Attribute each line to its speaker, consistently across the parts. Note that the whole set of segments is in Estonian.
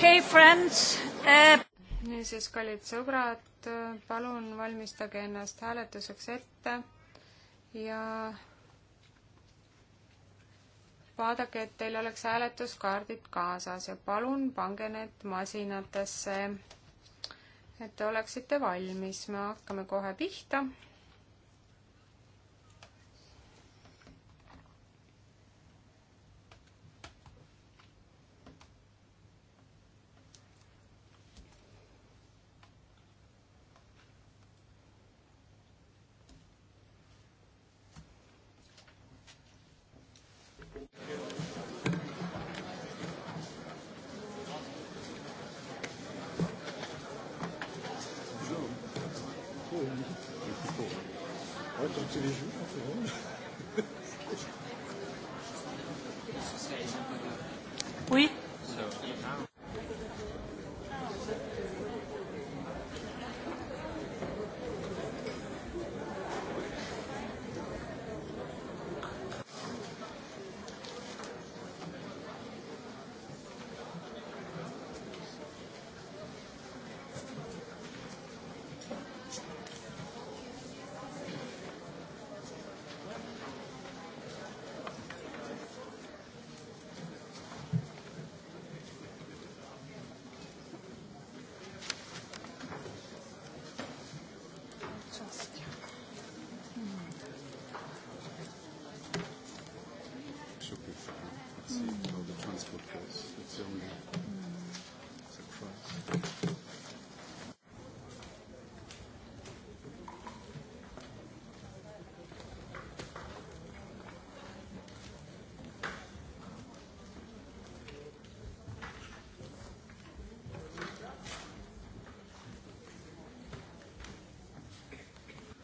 Speaker 1: okei okay,, friends uh.... niisiis, kallid sõbrad, palun valmistage ennast hääletuseks ette ja vaadake, et teil oleks hääletuskaardid kaasas ja palun pange need masinatesse, et te oleksite valmis. me hakkame kohe pihta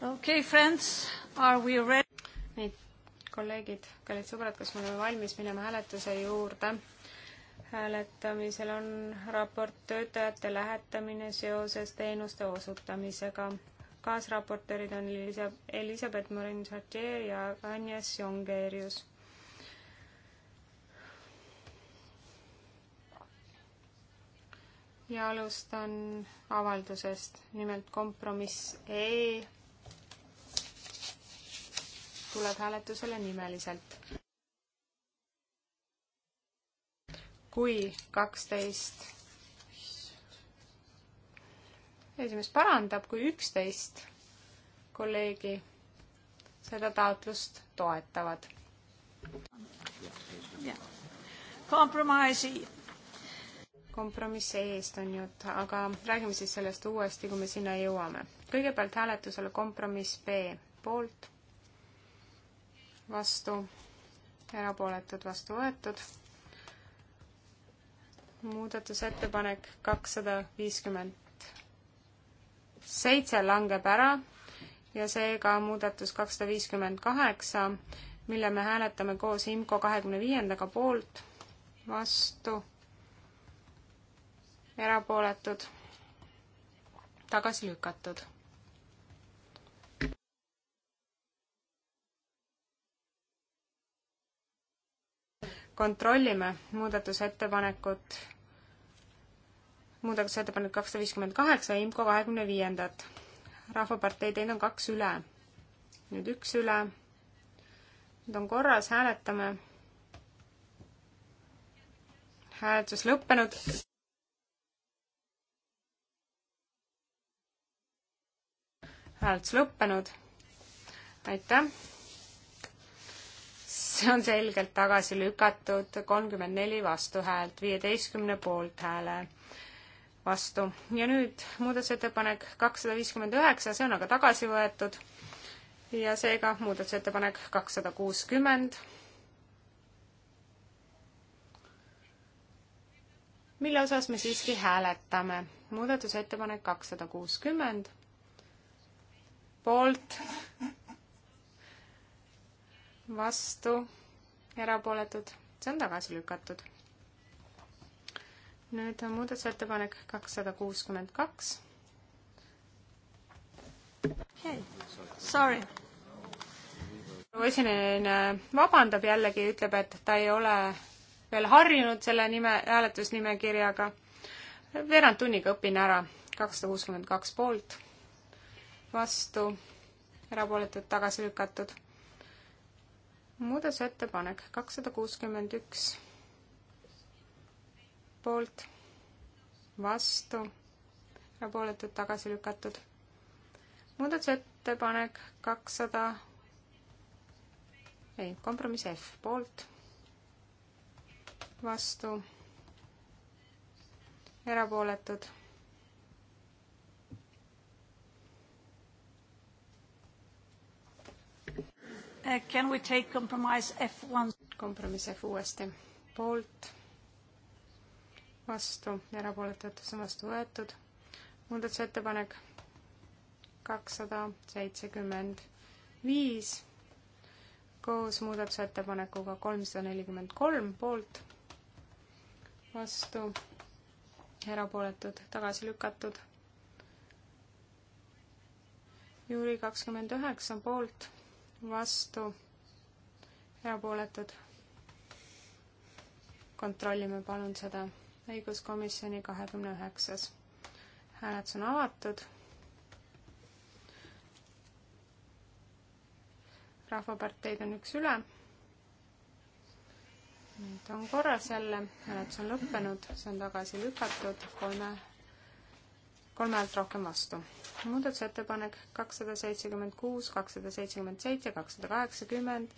Speaker 1: okei okay,, friends, are we ready? nii, kolleegid, kallid sõbrad, kas me oleme valmis minema hääletuse juurde? hääletamisel on raport töötajate lähetamine seoses teenuste osutamisega. kaasraportöörid on Elisa-, Elizabeth Morin-Chartier ja Agnes Jongerius ja alustan avaldusest, nimelt kompromiss E tuleb hääletusele nimeliselt. kui kaksteist esimees parandab, kui üksteist kolleegi seda taotlust toetavad. kompromissi. kompromissi eest on jutt, aga räägime siis sellest uuesti, kui me sinna jõuame. kõigepealt hääletusele kompromiss B poolt, vastu, erapooletud, vastu võetud. muudatusettepanek kakssada viiskümmend seitse langeb ära ja seega muudatus kakssada viiskümmend kaheksa, mille me hääletame koos IMCO kahekümne viiendaga poolt, vastu, erapooletud, tagasi lükatud kontrollime muudatusettepanekut, muudatusettepanek kakssada viiskümmend kaheksa, IMCO kahekümne viiendat. rahvapartei, teil on kaks üle. nüüd üks üle. Need on korras, hääletame. hääletus lõppenud. hääletus lõppenud. aitäh! see on selgelt tagasi lükatud, kolmkümmend neli vastuhäält, viieteistkümne poolthääle vastu. ja nüüd muudatusettepanek kakssada viiskümmend üheksa, see on aga tagasi võetud ja seega muudatusettepanek kakssada kuuskümmend. mille osas me siiski hääletame. muudatusettepanek kakssada kuuskümmend, poolt vastu, erapooletud, see on tagasi lükatud. nüüd on muudatusettepanek kakssada kuuskümmend kaks. okei, sorry. proua esineja vabandab jällegi, ütleb, et ta ei ole veel harjunud selle nime, hääletusnimekirjaga. veerand tunniga õpin ära, kakssada kuuskümmend kaks poolt, vastu, erapooletud, tagasi lükatud muudatusettepanek kakssada kuuskümmend üks poolt, vastu, erapooletud, tagasi lükatud. muudatusettepanek kakssada 200..., ei, kompromiss F poolt, vastu, erapooletud Uh, can we take compromise F1? kompromiss F uuesti. poolt, vastu, erapooletud, see on vastu võetud. muudatusettepanek kakssada seitsekümmend viis koos muudatusettepanekuga kolmsada nelikümmend kolm poolt, vastu, erapooletud, tagasi lükatud. juuli kakskümmend üheksa poolt vastu, erapooletud. kontrollime palun seda. õiguskomisjoni kahekümne üheksas. hääletus on avatud. rahvaparteid on üks üle. nüüd on korras jälle, hääletus on lõppenud, see on tagasi lükatud kolme kolme häält rohkem vastu. muudatusettepanek kakssada seitsekümmend kuus, kakssada seitsekümmend seitse, kakssada kaheksakümmend,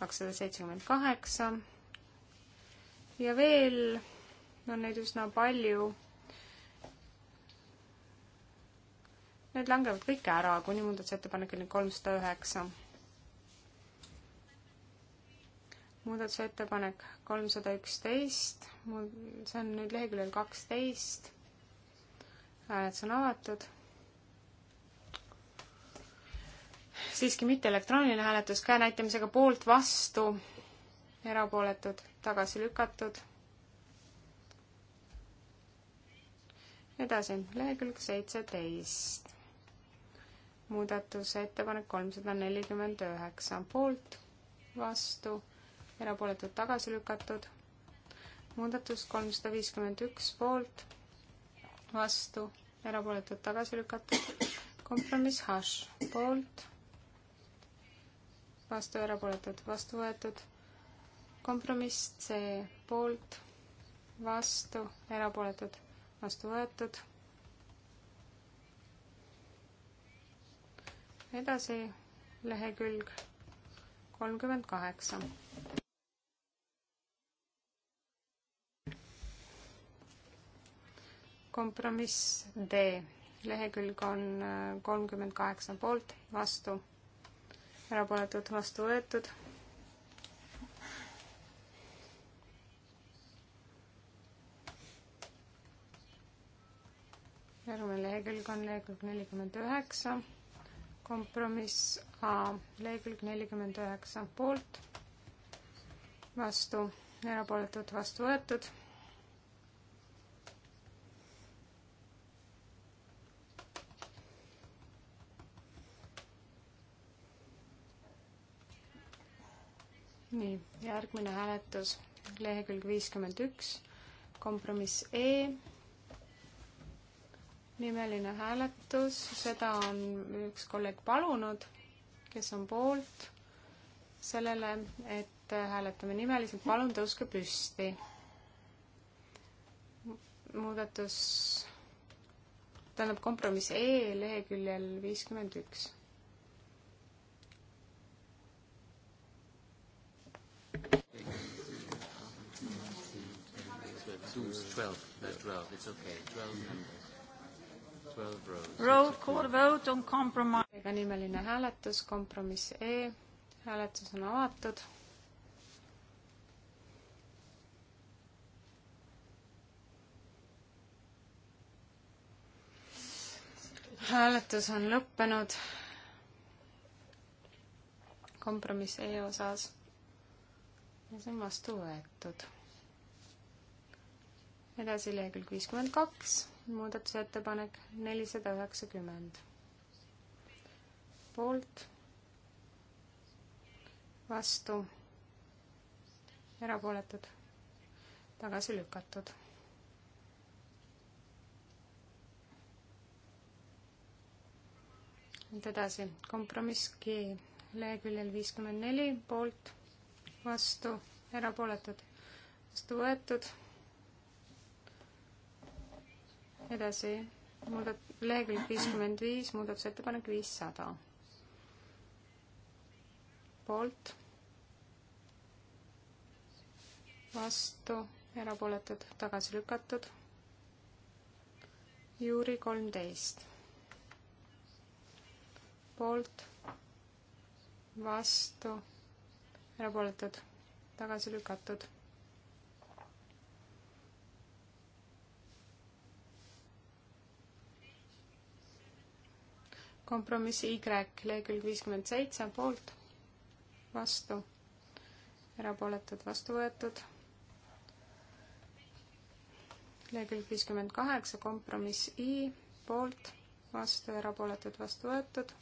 Speaker 1: kakssada seitsekümmend kaheksa ja veel on neid üsna palju. Need langevad kõik ära kuni muudatusettepanekuni kolmsada üheksa. muudatusettepanek kolmsada üksteist, see on nüüd leheküljel kaksteist hääletus on avatud. siiski mitte elektrooniline hääletus, käe näitamisega poolt, vastu, erapooletud, tagasi lükatud. edasi, lehekülg seitseteist. muudatusettepanek kolmsada nelikümmend üheksa, poolt, vastu, erapooletud, tagasi lükatud. muudatus kolmsada viiskümmend üks, poolt vastu, erapooletud tagasi lükatud. kompromiss H poolt, vastu, erapooletud, vastu võetud. kompromiss C poolt, vastu, erapooletud, vastu võetud. edasi lehekülg kolmkümmend kaheksa. kompromiss D, lehekülg on äh, kolmkümmend kaheksa poolt, vastu, erapooletud, vastu võetud. järgmine lehekülg on lehekülg nelikümmend üheksa, kompromiss A, lehekülg nelikümmend üheksa poolt, vastu, erapooletud, vastu võetud nii, järgmine hääletus, lehekülg viiskümmend üks, kompromiss E, nimeline hääletus, seda on üks kolleeg palunud, kes on poolt sellele, et hääletame nimeliselt, palun tõuske püsti. muudatus, tähendab kompromiss E leheküljel viiskümmend üks 12, 12, no, 12, it's okay, 12 number. 12 row call vote on compromise. ega nimeline hääletus, kompromiss E, hääletus on avatud. hääletus on lõppenud kompromiss E osas ja see on vastu võetud edasi lehekülg viiskümmend kaks, muudatusettepanek nelisada üheksakümmend. poolt, vastu, erapooletud, tagasi lükatud nüüd edasi, kompromiss G, leheküljel viiskümmend neli, poolt, vastu, erapooletud, vastu võetud edasi, muudat-, lehekülg viiskümmend viis, muudatusettepanek viissada. poolt, vastu, erapooletud, tagasi lükatud. juuri kolmteist. poolt, vastu, erapooletud, tagasi lükatud kompromiss Y, lehekülg viiskümmend seitse, poolt, vastu, erapooletud, vastu võetud. lehekülg viiskümmend kaheksa, kompromiss I, poolt, vastu, erapooletud, vastu võetud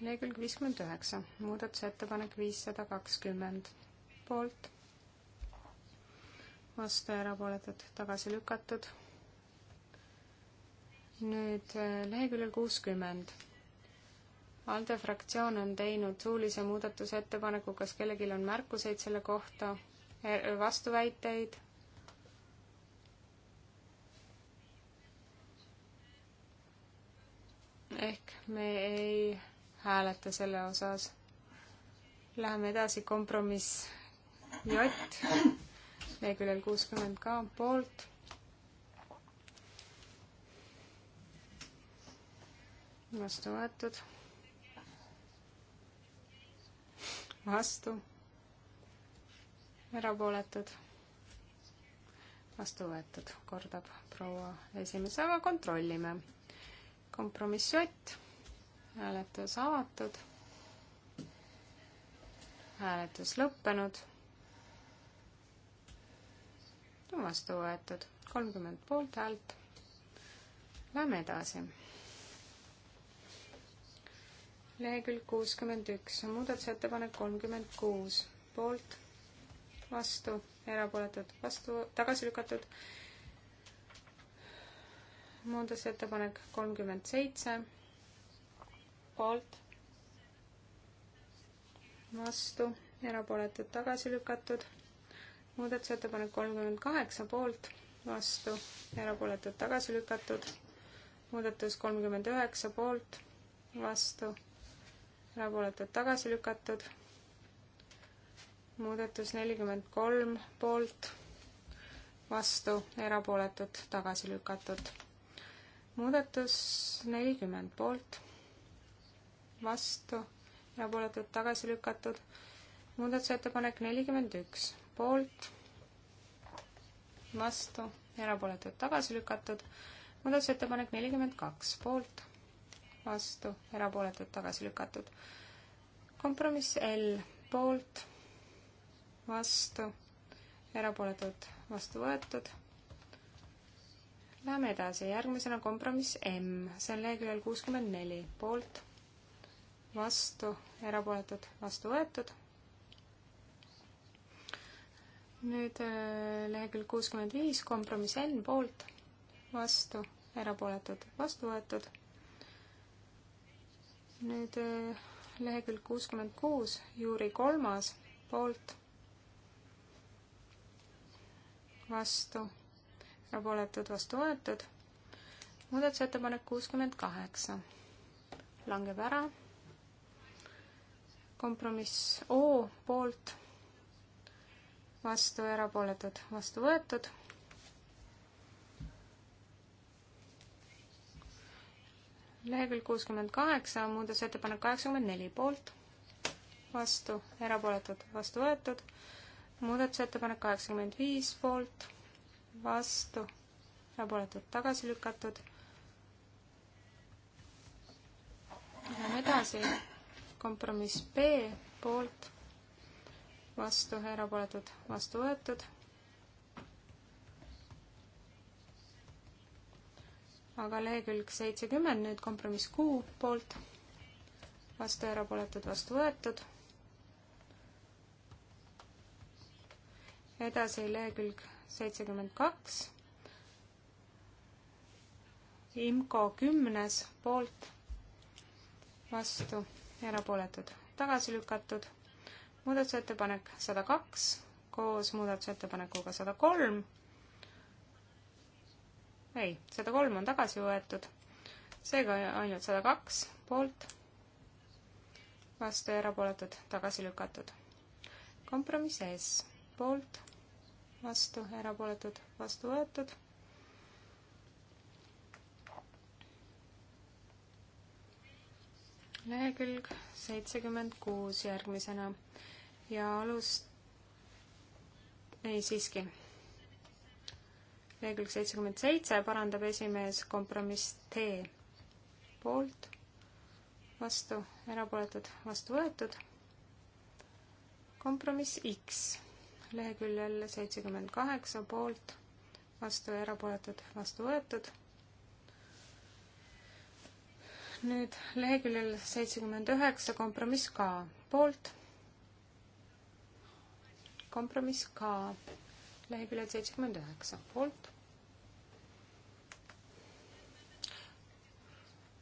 Speaker 1: lehekülg viiskümmend üheksa, muudatusettepanek viissada kakskümmend, poolt, vastu ja erapooletud, tagasi lükatud. nüüd äh, leheküljel kuuskümmend. ALDE fraktsioon on teinud suulise muudatusettepaneku, kas kellelgi on märkuseid selle kohta, äh, vastuväiteid? ehk me ei hääleta selle osas. Läheme edasi, kompromiss J, leheküljel kuuskümmend ka poolt. vastu võetud. vastu. erapooletud. vastu võetud, kordab proua esimees, aga kontrollime. kompromiss J hääletus avatud, hääletus lõppenud, vastu võetud kolmkümmend poolthäält. Lähme edasi. lehekülg kuuskümmend üks, muudatusettepanek kolmkümmend kuus, poolt, vastu, erapooletud, vastu, tagasi lükatud muudatusettepanek kolmkümmend seitse, poolt, vastu, erapooletud tagasi lükatud. muudatusettepanek kolmkümmend kaheksa poolt, vastu, erapooletud tagasi lükatud. muudatus kolmkümmend üheksa poolt, vastu, erapooletud tagasi lükatud. muudatus nelikümmend kolm poolt, vastu, erapooletud tagasi lükatud. muudatus nelikümmend poolt vastu, erapooletud tagasi lükatud. muudatusettepanek nelikümmend üks, poolt, vastu, erapooletud tagasi lükatud. muudatusettepanek nelikümmend kaks, poolt, vastu, erapooletud tagasi lükatud. kompromiss L, poolt, vastu, erapooletud vastu võetud Läheme edasi, järgmisena kompromiss M, see on leheküljel kuuskümmend neli, poolt, vastu, erapooletud, vastu võetud. nüüd äh, lehekülg kuuskümmend viis, kompromiss N poolt, vastu, erapooletud, vastu võetud. nüüd äh, lehekülg kuuskümmend kuus, juuri kolmas, poolt, vastu, erapooletud, vastu võetud. muudatusettepanek kuuskümmend kaheksa langeb ära kompromiss O poolt, vastu erapooletud, vastu võetud. lehekülg kuuskümmend kaheksa, muudatusettepanek kaheksakümmend neli poolt, vastu erapooletud, vastu võetud. muudatusettepanek kaheksakümmend viis poolt, vastu erapooletud, tagasi lükatud. Läheme edasi kompromiss B poolt, vastu, erapooletud, vastu võetud. aga lehekülg seitsekümmend, nüüd kompromiss Q poolt, vastu, erapooletud, vastu võetud. edasi lehekülg seitsekümmend kaks IMCO kümnes poolt vastu erapooletud, tagasi lükatud. muudatusettepanek sada kaks koos muudatusettepanekuga sada kolm. ei, sada kolm on tagasi võetud, seega ainult sada kaks poolt, vastu ja erapooletud, tagasi lükatud. kompromiss S poolt, vastu, erapooletud, vastu võetud lehekülg seitsekümmend kuus järgmisena ja alust, ei siiski, lehekülg seitsekümmend seitse parandab esimees kompromiss T poolt, vastu, erapooletud, vastu võetud. kompromiss X leheküljel seitsekümmend kaheksa poolt, vastu, erapooletud, vastu võetud nüüd leheküljel seitsekümmend üheksa kompromiss ka poolt. kompromiss ka leheküljel seitsekümmend üheksa poolt.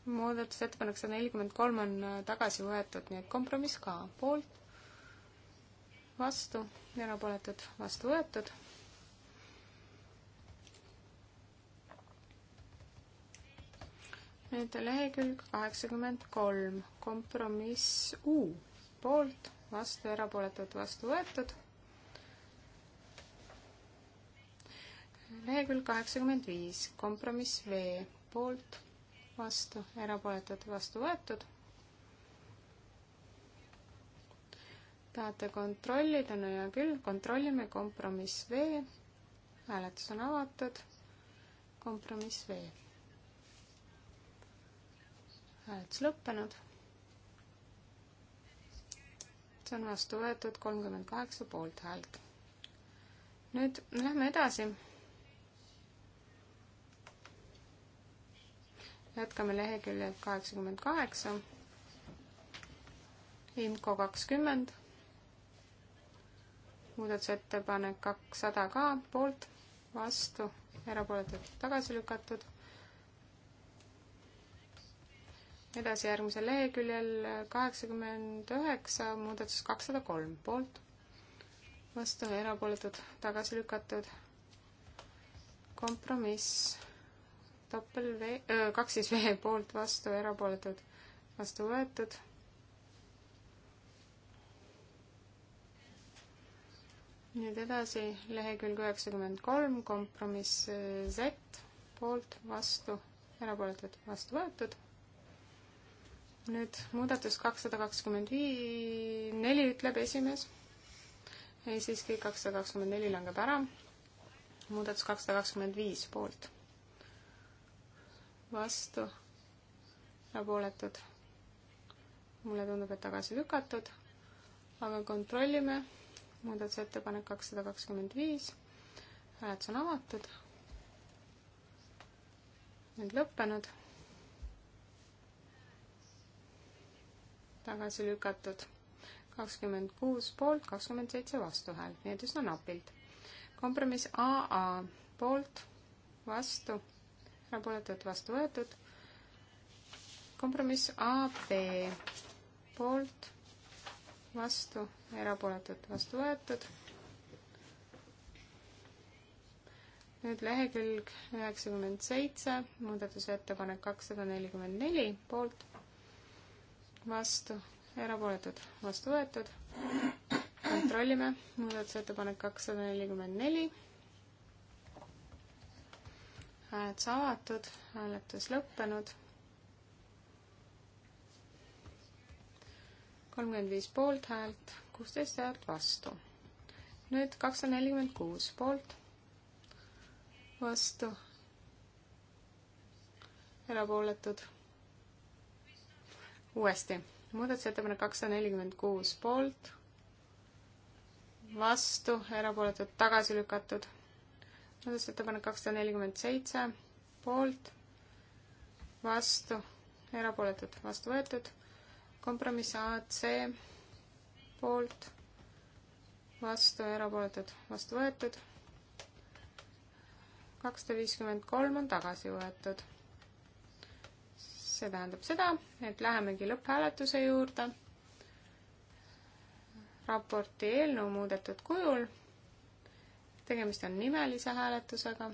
Speaker 1: muudatusettepanek sada nelikümmend kolm on äh, tagasi võetud, nii et kompromiss ka poolt, vastu, erapooletud, vastu võetud nüüd lehekülg kaheksakümmend kolm, kompromiss U, poolt, vastu, erapooletud, vastu võetud. lehekülg kaheksakümmend viis, kompromiss V, poolt, vastu, erapooletud, vastu võetud. tahate kontrollida, no hea küll, kontrollime kompromiss V. hääletus on avatud. kompromiss V hääletus lõppenud. see on vastu võetud kolmkümmend kaheksa poolthäält. nüüd lähme edasi. jätkame leheküljel kaheksakümmend kaheksa. IMCO kakskümmend muudatusettepanek kakssada ka poolt, vastu, erapooletult tagasi lükatud. edasi järgmisel leheküljel kaheksakümmend üheksa, muudatus kakssada kolm poolt, vastu erapooletud, tagasi lükatud. kompromiss topel V, kaks siis V poolt, vastu erapooletud, vastu võetud. nüüd edasi lehekülg üheksakümmend kolm, kompromiss Z poolt, vastu, erapooletud, vastu võetud nüüd muudatus kakssada kakskümmend vii-, neli ütleb esimees. ei, siiski kakssada kakskümmend neli langeb ära. muudatus kakssada kakskümmend viis poolt. vastu. erapooletud. mulle tundub, et tagasi lükatud. aga kontrollime. muudatusettepanek kakssada kakskümmend viis. hääletus on avatud. nüüd lõppenud tagasi lükatud. kakskümmend kuus poolt, kakskümmend seitse vastuhäält, nii et üsna napilt. kompromiss AA poolt, vastu, erapooletult vastu võetud. kompromiss AB poolt, vastu, erapooletult vastu võetud. nüüd lehekülg üheksakümmend seitse, muudatusettepanek kakssada nelikümmend neli, poolt vastu, erapooletud, vastu võetud. kontrollime, muudatusettepanek kakssada nelikümmend neli. hääletus avatud, hääletus lõppenud kolmkümmend viis poolthäält, kuusteist häält vastu. nüüd kakssada nelikümmend kuus poolt, vastu, erapooletud uuesti, muudatusettepanek kakssada nelikümmend kuus poolt, vastu, erapooletud, tagasi lükatud. muudatusettepanek kakssada nelikümmend seitse poolt, vastu, erapooletud, vastu võetud. kompromiss AC poolt, vastu, erapooletud, vastu võetud. kakssada viiskümmend kolm on tagasi võetud see tähendab seda, et lähemegi lõpphääletuse juurde. raporti eelnõu muudetud kujul. tegemist on nimelise hääletusega.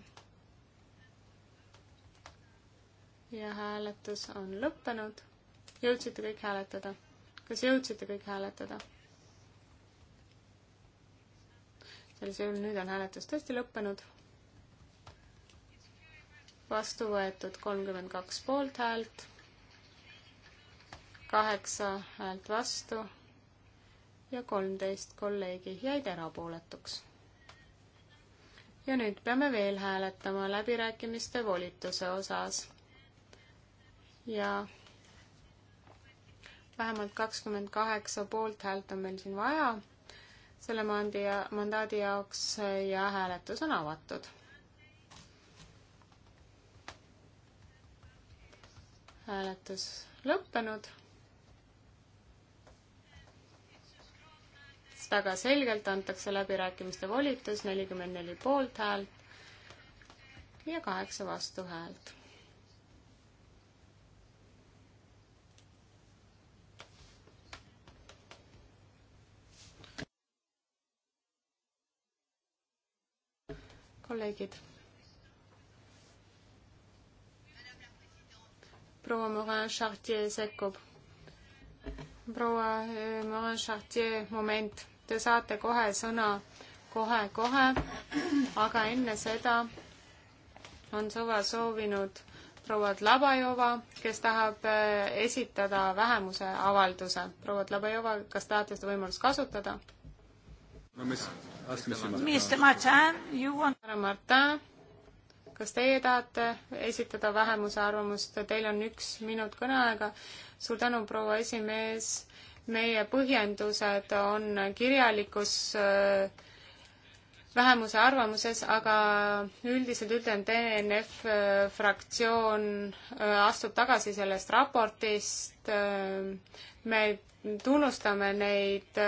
Speaker 1: ja hääletus on lõppenud. jõudsite kõik hääletada? kas jõudsite kõik hääletada? sellisel juhul nüüd on hääletus tõesti lõppenud vastu võetud kolmkümmend kaks poolthäält, kaheksa häält vastu ja kolmteist kolleegi jäid erapooletuks. ja nüüd peame veel hääletama läbirääkimiste volituse osas. ja vähemalt kakskümmend kaheksa poolthäält on meil siin vaja selle mandi ja mandaadi jaoks ja hääletus on avatud. hääletus lõppenud väga selgelt antakse läbirääkimiste volitus, nelikümmend neli poolthäält ja kaheksa vastuhäält. kolleegid. proua Morin Chartier sekkub proua eh, Morin Chartier moment. Te saate kohe sõna kohe-kohe, aga enne seda on suva soovinud proua Tlabajova, kes tahab äh, esitada vähemuse avalduse. proua Tlabajova, kas tahate seda võimalust kasutada? härra Martin, kas teie tahate esitada vähemuse arvamust, teil on üks minut kõneaega. suur tänu, proua esimees meie põhjendused on kirjalikus äh, vähemuse arvamuses, aga üldiselt ütlen, DNF äh, fraktsioon äh, astub tagasi sellest raportist. me tunnustame neid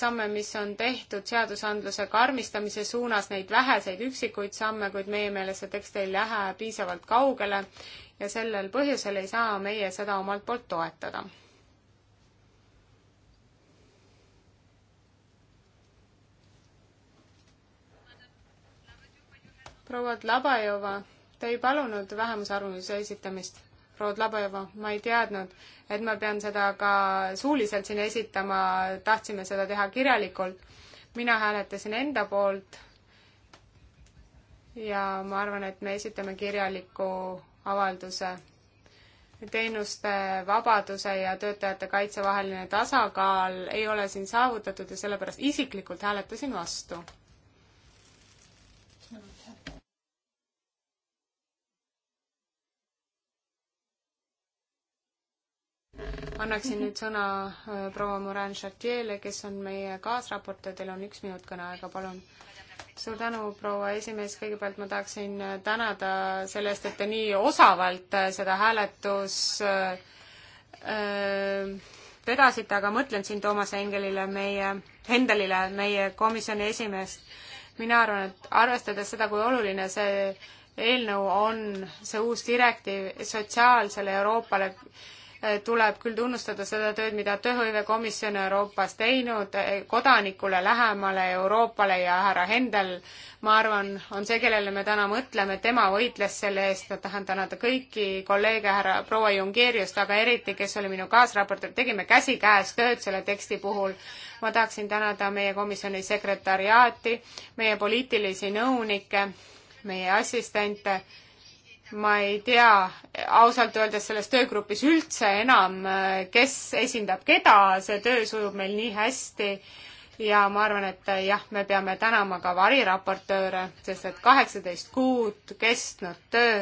Speaker 1: samme, mis on tehtud seadusandluse karmistamise suunas, neid väheseid üksikuid samme, kuid meie meelest see tekst ei lähe piisavalt kaugele ja sellel põhjusel ei saa meie seda omalt poolt toetada proua Dlabajova, te ei palunud vähemusarvamuse esitamist. proua Dlabajova, ma ei teadnud, et ma pean seda ka suuliselt siin esitama, tahtsime seda teha kirjalikult. mina hääletasin enda poolt ja ma arvan, et me esitame kirjaliku avalduse. teenuste vabaduse ja töötajate kaitse vaheline tasakaal ei ole siin saavutatud ja sellepärast isiklikult hääletasin vastu annaksin nüüd sõna äh, proua Morin Chartier'le, kes on meie kaasraportöö, teil on üks minut kõneaega, palun. suur tänu, proua esimees, kõigepealt ma tahaksin äh, tänada selle eest, et te nii osavalt äh, seda hääletus vedasite, aga mõtlen siin Toomas Engelile, meie, Hendelile, meie komisjoni esimeest. mina arvan, et arvestades seda, kui oluline see eelnõu on, see uus direktiiv sotsiaalsele Euroopale, tuleb küll tunnustada seda tööd, mida Tööhõivekomisjon Euroopas teinud eh, kodanikule lähemale Euroopale ja härra Hendel, ma arvan, on see, kellele me täna mõtleme, tema võitles selle eest, ma tahan tänada kõiki kolleege, härra proua Jungeeriust, aga eriti, kes oli minu kaasraportöör, tegime käsikäes tööd selle teksti puhul. ma tahaksin tänada meie komisjoni sekretariaati, meie poliitilisi nõunikke, meie assistente ma ei tea ausalt öeldes selles töögrupis üldse enam, kes esindab keda, see töö sujub meil nii hästi ja ma arvan, et jah, me peame tänama ka variraportööre, sest et kaheksateist kuud kestnud töö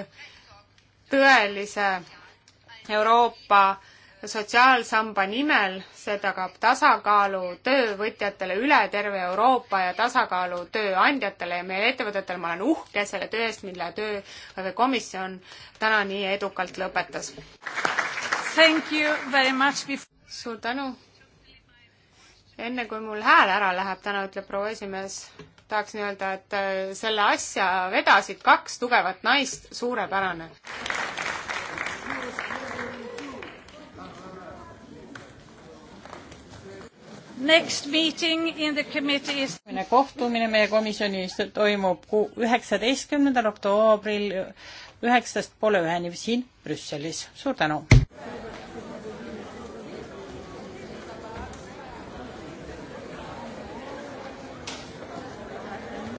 Speaker 1: tõelise Euroopa sotsiaalsamba nimel, see tagab tasakaalu töövõtjatele üle terve Euroopa ja tasakaalu tööandjatele ja meie ettevõtetel, ma olen uhke selle töö eest, mille töökomisjon täna nii edukalt lõpetas. suur tänu! enne kui mul hääl ära läheb täna, ütleb proua esimees, tahaksin öelda, et selle asja vedasid kaks tugevat naist, suurepärane! Next meeting in the committee is kohtumine meie komisjonis toimub üheksateistkümnendal oktoobril üheksast poole üheni siin Brüsselis. suur tänu!